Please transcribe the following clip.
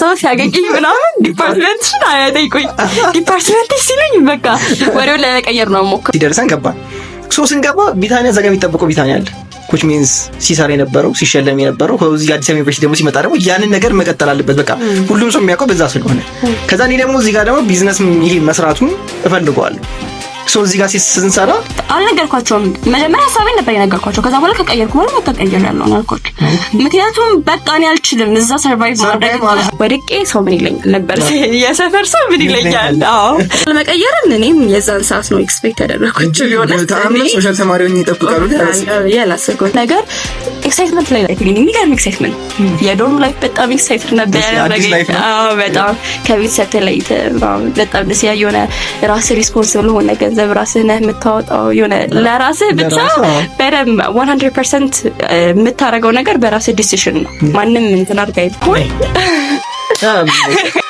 ሰው ሲያገኘኝ ምናምን ዲፓርትመንትሽን አያጠይቁኝ። ዲፓርትመንትሽ ሲሉኝ በቃ ወሬውን ለመቀየር ነው ሞክር። ሲደርሰን ገባ ሶ ስንገባ ቢታኒያ ዘጋ የሚጠብቀው ቢታኒያ አለ ኮች ሚንስ ሲሰራ የነበረው ሲሸለም የነበረው ከዚህ አዲስ ዩኒቨርሲቲ ደግሞ ሲመጣ ደግሞ ያንን ነገር መቀጠል አለበት። በቃ ሁሉም ሰው የሚያውቀው በዛ ስለሆነ ከዛ እኔ ደግሞ እዚህ ጋር ደግሞ ቢዝነስ መስራቱን እፈልገዋለሁ። ሶ እዚህ ጋር ስንሰራ አልነገርኳቸውም። መጀመሪያ ሀሳቤን ነበር የነገርኳቸው። ከዛ በኋላ ከቀየርኩ በኋላ በቃ ቀይሬያለሁ አልኳቸው። ምክንያቱም በቃ እኔ አልችልም እዛ ሰርቫይቭ ማድረግ ወድቄ ሰው ምን ይለኛል ነበር የሰፈር ሰው ምን ይለኛል። መቀየርን እኔም የዛን ሰዓት ነው ኤክስፔክት ያደረኩት ቢሆን ሶሻል ተማሪ ይጠብቃሉ ያላሰብኩት ነገር ኤክሳይትመንት ላይ ነው። የሚገርም ኤክሳይትመንት የዶርም ላይፍ በጣም ኤክሳይትድ ነበር ያደረገኝ። በጣም ከቤተሰብ ተለይተህ በጣም ደስ ያ የሆነ ራስ ሪስፖንስብል ሆነ ገንዘብ ራስህ ነህ የምታወጣው የሆነ ለራስህ ብቻ በደምብ 100 ፐርሰንት የምታደርገው ነገር በራስህ ዲሲሽን ነው። ማንም እንትን አድርጋ ይልኩል